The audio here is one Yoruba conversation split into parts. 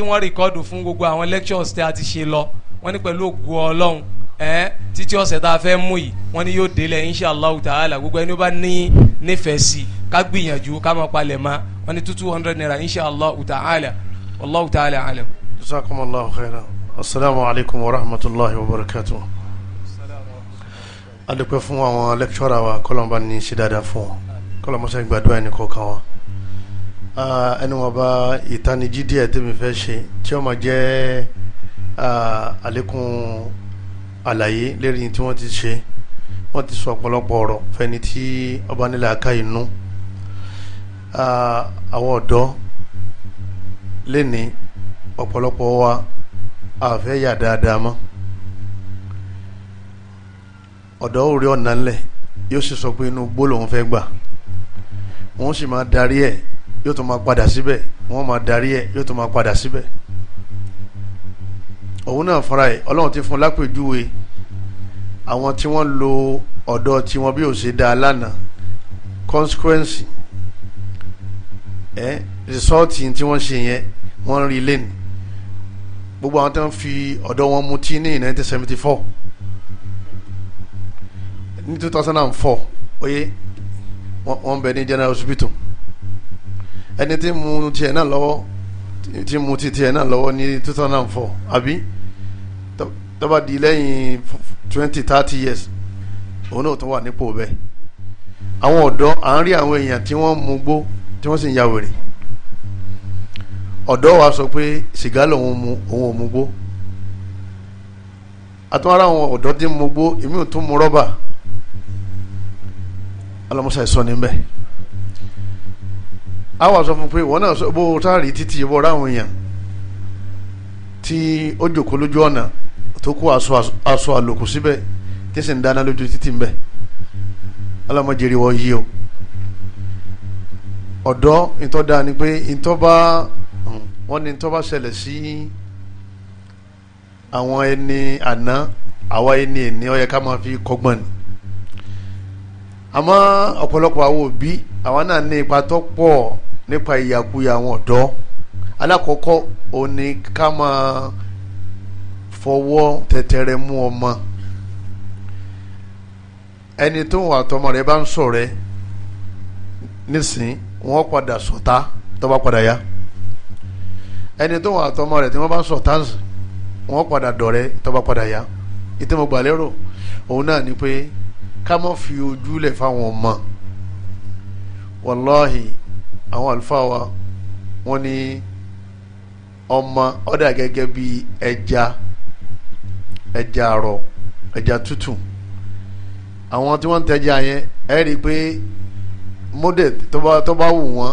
tí wọ́n rìkọ́dù fún gbogbo àwọn lectures tí a ti ṣe lọ wọ́n ní pẹ̀lú ògùn ọlọ́run ẹ̀ẹ́n títí ọ̀sẹ̀ tá a fẹ́ mú yìí wọ́n ní yóò délẹ̀ inshallah ta'ala gbogbo ẹni ó bá ní nífẹ̀ẹ́ sí ká gbìyànjú ká máa palẹ̀ mọ́ wọ́n ní two hundred naira inshallah ta'ala wallahu ta'ala alam. jazakumullahu khairan asalaamu alaykum wa rahmatulahi wa barakatuh. a dúpẹ́ fún àwọn lecturer wa kọ́lọ́mọba ní ṣe fún wọn kọ́lọ́mọṣẹ́ gbàdúrà ẹni kọ̀ọ̀kan wọn. Ah, ẹni wọn bá ìtanijí díẹ̀ tẹ́mi fẹ́ ṣe tí ó máa jẹ́ ah, àlékún àlàyé lérí tí wọ́n ti ṣe wọ́n ti sọ ọ̀pọ̀lọpọ̀ ọ̀rọ̀ fẹ́ni tí ọba nílẹ̀ aká inú ah, àwọn ọ̀dọ́ lẹ́ni ọ̀pọ̀lọpọ̀ wa àfẹ́ yà dáadáa mọ́ ọ̀dọ́ ò ọ̀nà ńlẹ̀ yóò sì sọ pé inú gbó fẹ́ gbà wọ́n sì máa darí ẹ̀ yóò tún máa padà síbẹ̀ wọ́n máa darí ẹ̀ yóò tún máa padà síbẹ̀ òun náà fara ẹ̀ ọlọ́run ti fún lápèjúwe àwọn tí wọ́n lo ọ̀dọ́ tí wọ́n bí ò ṣe dáa lánàá consequence ẹ result tí wọ́n ṣe yẹn wọ́n rí lẹ́nu gbogbo àwọn tó ń fi ọ̀dọ́ wọn mutí ní nineteen seventy four ní two thousand and four oye wọ́n bẹ ní general hospital ẹni tí mu tiẹ̀ náà lọ́wọ́ tí mu ti tiẹ̀ náà lọ́wọ́ ní two thousand and four àbí tó di lẹ́yìn twenty thirty years òun náà tó wà nípò bẹ́ẹ̀ àwọn ọ̀dọ́ à ń rí àwọn èèyàn tí wọ́n mu gbó tí wọ́n sì ń ya wèrè ọ̀dọ́ wa sọ pé sìgá lòun mu òun ò mu gbó àtúnwárá àwọn ọ̀dọ́ tí mu gbó èmi ò tún mu rọ́bà alamusa ìsọ níbẹ̀ a wà sọ fún pé ìwọ náà bó o sáàrí títí ìwọ ráwọn èèyàn tí ó jòkó lójú ọ̀nà tó kó aṣọ àlòkù síbẹ̀ tí sì ń dáná lójú títì ń bẹ̀ ọlọ́mọdéèrè wọ́n yí o ọ̀dọ́ ìtọ́ da ni pé ìtọ́ bá wọ́n ní ìtọ́ bá ṣẹlẹ̀ sí àwọn ẹni àná àwa ẹni ẹni ó yẹ ká máa fi kọ́gbọ́n ni àmọ́ ọ̀pọ̀lọpọ̀ àwọn òbí àwa náà ní ipa tó pọ̀ nípa ìyàkuyà àwọn ọ̀dọ́ alákọ̀ọ́kọ́ òní ká máa fọwọ́ tẹ̀tẹ̀rẹ̀ mú ọmọ ẹni tó wà tọmọ rẹ bá ń sọ rẹ nísìn wọn padà sọta tó bá padà yá ẹni tó wà tọmọ rẹ tí wọn bá ń wọn padà tó bá padà yá lérò òun náà ni pé ká fi ojúlẹ̀ fáwọn ọmọ àwọn àlùfáà wa wọ́n ní ọmọ ọ̀dà gẹ́gẹ́ bí ẹja ẹja àrọ̀ ẹja tútù àwọn tí wọ́n ń tẹja yẹn ẹ rí i pé model tó bá wù wọ́n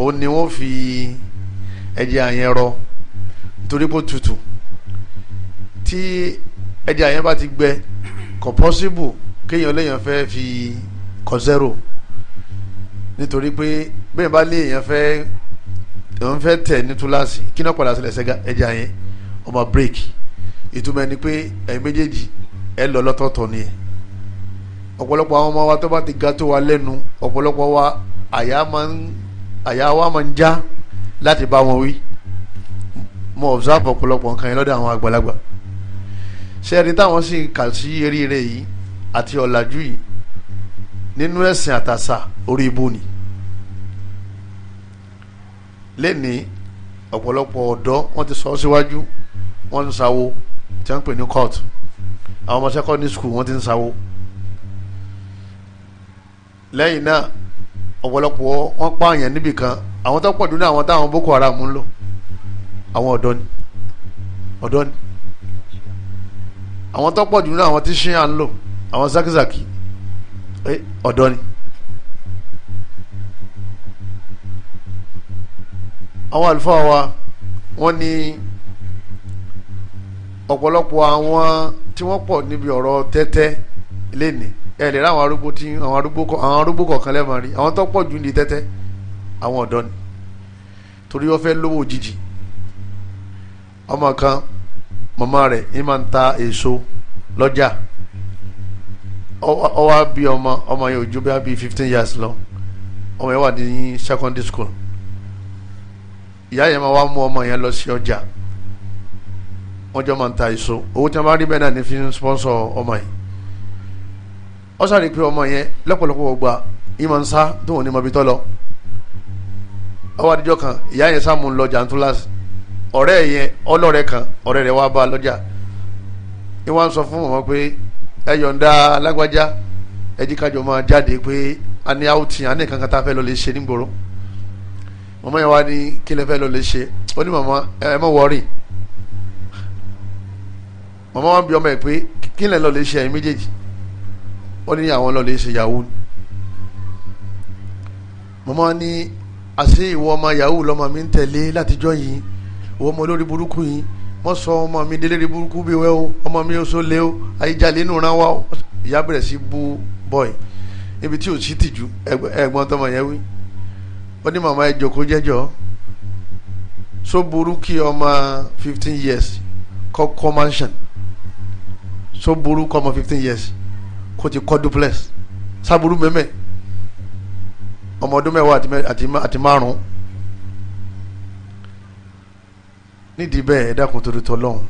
òun ni wọ́n fi ẹja yẹn rọ nítorí pé tútù tí ẹja yẹn bá ti gbẹ kò pọ́síbù kéèyàn léèyàn fẹ́ fi kọ́ zero nítorí pé bẹ́ẹ̀ bá lé èèyàn fẹ́ èèyàn fẹ́ tẹ̀ ní túláàsì kí náà padà sílẹ̀ sẹ́gà ẹja yẹn ọmọ break ìtumọ̀ ẹni pé ẹ̀yin méjèèjì ẹ lọ lọ́tọ̀ọ̀tọ̀ ni ẹ ọ̀pọ̀lọpọ̀ àwọn ọmọ wa tó bá ti ga tó wa lẹ́nu ọ̀pọ̀lọpọ̀ wa àyà wa máa ń já láti bá wọn wí mo observe ọ̀pọ̀lọpọ̀ nǹkan yẹn lọ́dọ̀ àwọn àgbàlagbà ṣé ẹni táwọn sì kà sí eré rẹ̀ yìí àti ọ̀làjú yìí nínú ẹ̀sìn àtàsà orí ibú ni lẹ́ni ọ̀pọ̀lọpọ̀ ọ̀dọ́ wọ́n ti sọ síwájú wọ́n ń sáwó tí wọ́n ń pè ní court àwọn ọmọ secondary school wọ́n ti ń sáwó lẹ́yìn náà ọ̀pọ̀lọpọ̀ wọ́n pààyàn níbì kan àwọn tó pọ̀ dúró àwọn táwọn Boko Haram ń lò àwọn ọ̀dọ́ ni ọ̀dọ́ ni àwọn tó pọ̀ dúró àwọn tí ṣíà ń lò àwọn Zakizaki. Zaki ọ̀dọ́ ni àwọn àlùfáà wa wọ́n ní ọ̀pọ̀lọpọ̀ àwọn tí wọ́n pọ̀ níbi ọ̀rọ̀ tẹ́tẹ́ lẹ́nìí ẹ lè rá àwọn arúgbó tí àwọn arúgbó àwọn arúgbó kọ̀ọ̀kan lẹ́ẹ̀mọ́ rí àwọn tó pọ̀ jù ní tẹ́tẹ́ àwọn ọ̀dọ́ ni torí wọ́n fẹ́ lówó òjijì ọmọ kan màmá rẹ̀ ń máa ń ta èso lọ́jà. Ja Ọwa bi ọmọ ọmọ yẹn ojú bí bí fifteen years lọ ọmọ yẹn wà ní secondary school ìyá yẹn máa wá mú ọmọ yẹn lọ sí ọjà wọ́n jọ máa ta èso owó tí wọ́n bá rí náà ní fi ń sponsor ọmọ yẹn ó sáré pé ọmọ yẹn lọ́pọ̀lọpọ̀ gbà ìmọ̀ ń sá lọ kan ìyá yẹn sá mú un lọ ọ̀rẹ́ yẹn ọlọ́rẹ́ kan ọ̀rẹ́ rẹ̀ wá bá a lọ́jà ìwọ́n sọ fún pé ẹ alágbájá ẹ máa jáde pé a ní outing a ní nǹkan kan tá a fẹ́ lọ lè ṣe nígboro màmá yẹn wá ní kí lẹ fẹ́ lọ lè ṣe ó ní màmá ẹ mọ̀ wọ́ọ̀rì màmá wa ń bi ọmọ ẹ̀ pé kí lẹ lọ lè ṣe ẹ̀yin méjèèjì ó ní àwọn lọ lè ṣe yahoo màmá ní àṣé ìwọ ọmọ yahoo lọmọ mi ń tẹ̀lé látijọ́ yìí ìwọ ọmọ olórí burúkú yìí mọ sọ ọmọ mi délé rí burúkú bí wẹ́ o ọmọ mi oṣó lé o ayíjalè inú ran wa o ìyá bẹ̀rẹ̀ sí bú bọ́ọ̀ì níbi tí ò sí tìjú ẹ̀gbọ́n tọmọ yẹn wí ó ní màmá ẹ jòkó jẹ́jọ́ so burú kí ọmọ fifteen years kọ́ kọ́ mansion so burú kọ́ ọmọ fifteen years kó ti kọ́ duplex sábúrú mẹ́mẹ́ ọmọ ọdún mẹ́wàá àti márùn nídìí bẹ́ẹ̀ ẹ dákun torí tọlọ́hún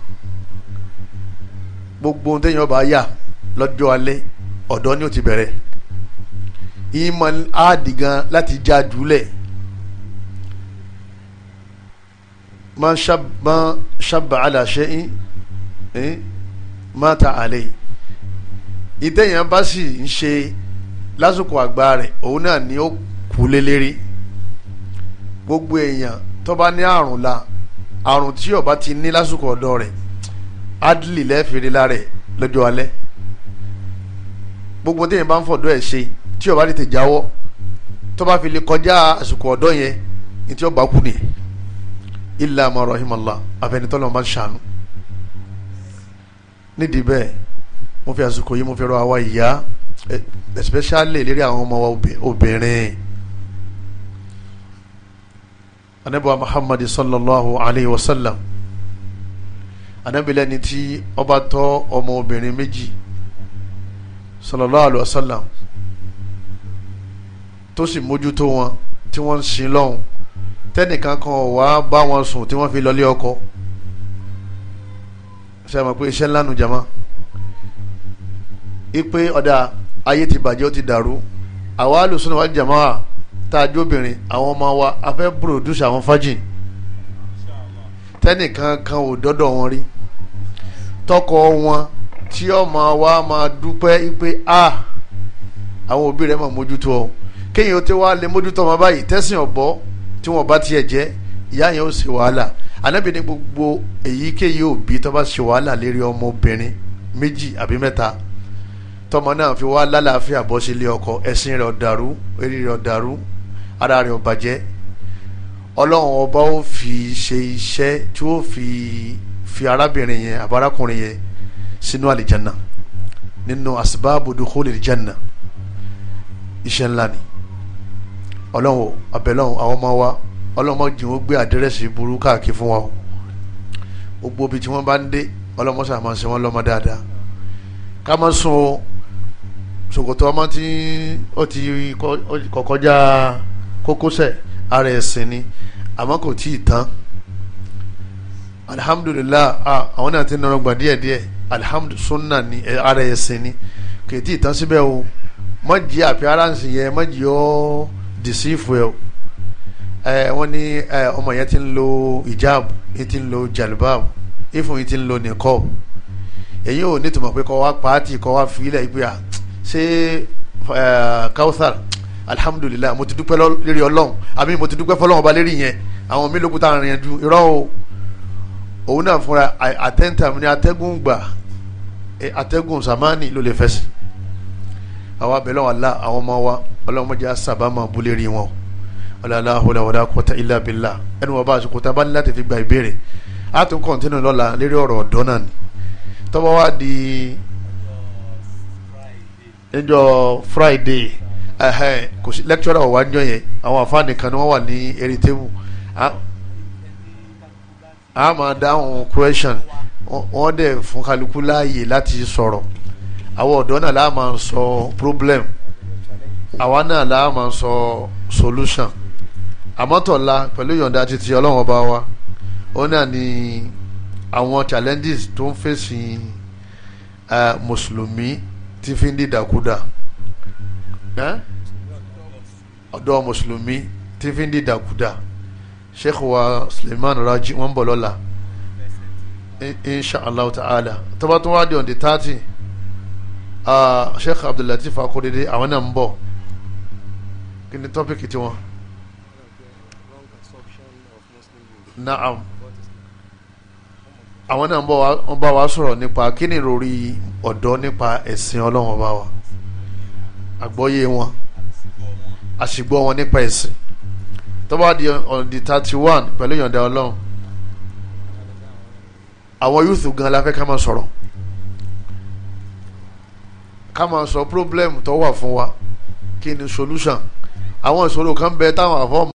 gbogbo ohun téèyàn bá yà lọ́jọ́ alẹ́ ọ̀dọ́ ni ó ti bẹ̀rẹ̀ ìmọ̀ áàdì gan láti já jùlẹ̀ man ṣàbà àlà ṣẹ́yìn mọ́ta àlẹ́ ìtẹ̀yàn bá sì ń ṣe lásìkò àgbà rẹ̀ òun náà ni ó kú lé lérí gbogbo èèyàn tó bá ní àrùn la àrùn tí ọba ti ní lásìkò ọ̀dọ́ rẹ̀ adli lẹ́ẹ̀fẹ̀rẹ̀ lára ẹ̀ lọ́jọ́ alẹ́ gbogbo téèyàn bá ń fọ̀dọ́ ẹ̀ ṣe tí ọba tètè jáwọ́ tó bá fi lè kọjá àsìkò ọ̀dọ́ yẹn ní tí ọba kú nìyẹn illa ma rahimallah àfẹnitọ́lọ́ máa ń ṣàánú nídìí bẹ́ẹ̀ mo fi àsìkò yìí mo fi rọ àwa ìyá especially lérí àwọn ọmọ wa obìnrin anabi wa muhammad sallallahu alayhi wa sallam anabi lẹni tí ó bá ọmọ obìnrin méjì sallallahu alayhi wa sallam tó sì mójútó wọn tí wọ́n ń sin lọ́hùn tẹ́nìkan kan wá bá wọn sùn tí wọ́n fi lọlé ọkọ ṣe mọ̀ pé iṣẹ́ ńlá nu jama ipe ọ̀dà ayé ti bàjẹ́ ó ti dàrú àwa alùsùn wal jamaa tá a jóbìnrin àwọn ọmọ wa a fẹ́ produce àwọn fájìn tẹ́nìkan kan ò dọ́dọ̀ wọn rí tọkọ wọn tí ọmọ wa máa dúpẹ́ pé a àwọn òbí rẹ̀ máa mójútó ọ kéèyàn tí wàá lè mójútó ọmọ báyìí tẹ́sìn ọ̀bọ tí wọ́n bá tiẹ̀ jẹ́ ìyá yẹn ó ṣe wàhálà anábì ní gbogbo èyíkéyìí òbí tó bá ṣe wàhálà lérí ọmọbìnrin méjì àbí mẹ́ta tọmọ náà fi wá lálàáfíà bọ́ sílé ọkọ ẹ̀sìn rẹ̀ ọ̀dàrú eré rẹ̀ ọ̀dàrú ara rẹ̀ ò bàjẹ́ ọlọ́run ọba ó fi ṣe iṣẹ́ tí ó fi fi arábìnrin yẹn àbárakùnrin yẹn sínú àlìjánà nínú asibáàbò dukhuli àlìjánà iṣẹ́ ńlá ni ọlọ́run abẹ́lọ́run àwọn ọmọ wa ọlọ́mọ jìn ó gbé àdírẹ́sì burú káàkiri fún wa o gbogbo ibi tí wọ́n bá ń dé ọlọ́mọ sáà máa ń lọ́mọ dáadáa ká má sùn o ṣòkòtò ọmọ tí ó ti kọkọjá kókósẹ̀ ara ẹ̀sìn ni àmọ́ kò tí ì tán alihamudulilayi àwọn náà ti nọrọ gbà díẹ̀díẹ̀ alihamudu sunna ni ara ẹ̀sìn ni kò tí ì tán síbẹ̀ o má jí àpẹ́ránsì yẹn má jí ọ́ dìsífù ẹ̀ o ẹ wọ́n ní ọmọ yẹn ti ń lo hijab yìí ti ń lo jalibab ifun yìí ti ń lo nìkọ́ọ̀ èyí ò nítumọ̀ pé kọ́ wa pàtì kọ́ wa fìlẹ̀ yìí pé à ṣé alihamudulilayi mo ti dúpẹ́ lérí ọlọ́run àmì mo ti dúpẹ́ fọlọ́run ọba lérí yẹn àwọn mi lókun tá a rìn yẹn ju irọ́ o òun náà fúnra àtẹ́ǹtà mi ní atẹ́gùn gbà e, atẹ́gùn sàmánì ló lè fẹ́sì àwa abẹ́lẹ́ wọn la àwọn ọmọ wa ọlọ́run mọ̀jẹ́ sábà máa bu lérí wọn ọ̀làlá ọ̀là wàlá kọ́tà ilà bìlà ẹnu wọn bá a sòkòtà bá ní láti gba ìbéèrè a tún kọ́ntínú lọ́la lérí ọ̀rọ̀ ọ̀dọ́ náà ni tọ́wọ́ wa di ẹjọ́ Friday kò sí lẹ́kítọ́rà ọ̀wá ń jọ yẹn àwọn àfáàní kan ni wọ́n wà ní eré a máa dáhùn question wọ́n dẹ̀ fún kálukú láàyè láti sọ̀rọ̀ àwọn ọ̀dọ́ náà láà máa sọ problem àwa náà láà máa sọ solution àmọ́tọ̀la pẹ̀lú ìyọ̀ǹda títí ọlọ́run ọba wa ó náà ní àwọn challenges tó ń fèsì eh, mùsùlùmí tí fi ń dìdàkudà. Uh, ọ̀dọ́ mùsùlùmí tí fi ń di dàkúdà sheikh wa suleiman raji wọ́n bọ̀ lọ́la insha allah ta'ala tó bá tún wá di on the thirty sheikh abdullatif akorede àwọn náà ń bọ̀ kí ni tọ́pìkì tiwọn. naam àwọn náà ń bá wa sọ̀rọ̀ nípa kí ni ìròrí ọ̀dọ́ nípa ẹ̀sìn ọlọ́run ọba wa àgbọ́yé wọn àṣìgbọ́ wọn nípa ẹ̀sìn tó di on the thirty one pẹ̀lú ìyọ̀ǹda ọlọ́run àwọn yúùtù gan la fẹ́ ká máa sọ̀rọ̀ ká máa sọ problem tó wà fún wa kí ni solution àwọn ìṣòro kan bẹ táwọn àfọ́ọ̀mù.